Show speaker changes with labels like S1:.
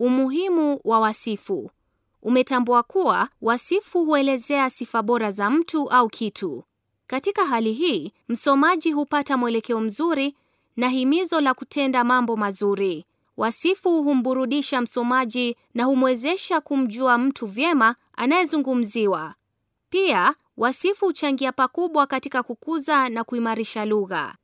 S1: Umuhimu wa wasifu. Umetambua kuwa wasifu huelezea sifa bora za mtu au kitu. Katika hali hii, msomaji hupata mwelekeo mzuri na himizo la kutenda mambo mazuri. Wasifu humburudisha msomaji na humwezesha kumjua mtu vyema anayezungumziwa. Pia, wasifu huchangia pakubwa katika kukuza na kuimarisha lugha.